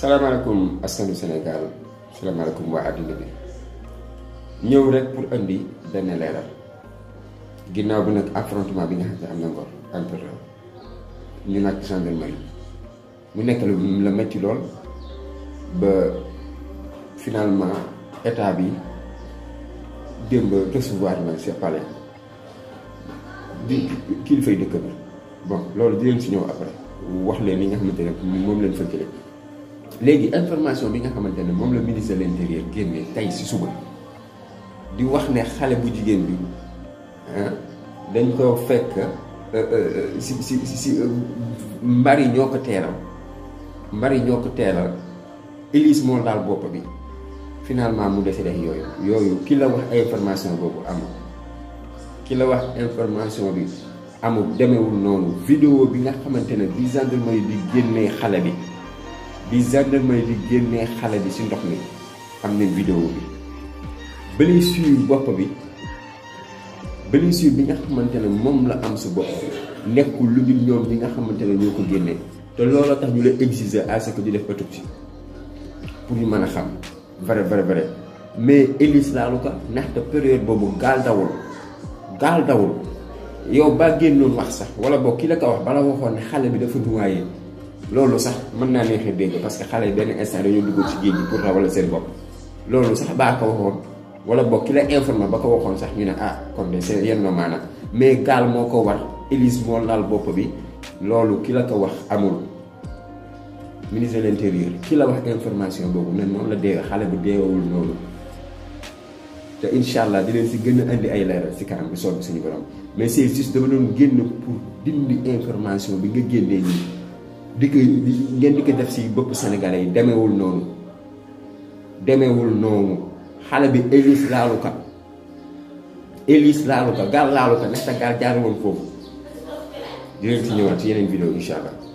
salaamaaleykum askanu Sénégal salaamaaleykum waa àdduna bi ñëw rek pour indi benn leeral ginnaaw bi nag affrontement bi nga xam ne am na Ngor entre ñu nag gendarmerie mu nekk lu la ci lool ba finalement état bi démb recevoir na ce palais di kii fay dëkk bi bon loolu di leen si ñëw après wax leen li nga xamante ne moom leen fa jëlee léegi information bi nga xamante ne moom la ministre de l'intérieur génne tey si suba di wax ne xale bu jigéen bi dañ koo fekk euh, euh, si si si euh, mbar ñoo ko teeral mbar yi ñoo ko teeral Elise moo laal bopp bi finalement mu dese rek yooyu yooyu ki la wax information boobu amul ki la wax information bi amul demewul noonu vidéo bi nga xamante ne bi gendarmerie bi génnee xale bi bi gendarmerie di génnee xale bi ci ndox mi am nañ vidéo bi blessure bopp bi blessure bi nga xamante ne moom la am si bopp bi nekkul lu dul ñoom ñi nga xamante ne ñoo ko génnee te looloo tax ñu lay exiger à ce que ñu def autopsie pour ñu mën a xam vrai vrai vrai mais Élise laalu ko ndaxte période boobu gaal dawul gaal dawul yow ba génnoon wax sax wala boo kii la ko wax bala waxoon ne xale bi dafa noyé. loolu sax mën naa neexee dégg parce que xale yi benn instant dañoo dugg ci géej gi pour rawal seen bopp loolu sax baa ko waxoon wala boog ki la informé ba ko waxoon sax ñu ne ah kon de seen yenn mais gaal moo ko war Élise moo laal bopp bi loolu ki la ko wax amul. ministre de l'intérieur ki wax information boobu ne noonu la dee xale bi deewawul noonu incha allah di leen si gën indi ay leeral si kanam bi soob suñu dama doon génn pour dindi information bi nga génnee nii. di ko ngeen di def si bëpp sénégalais yi demewul noonu demeewul noonu xale bi Élise laaluka Élise laaluka gaal laaluka nekk sa gaal jaar woon foofu di leen si ñëwaat ci yeneen vidéo incha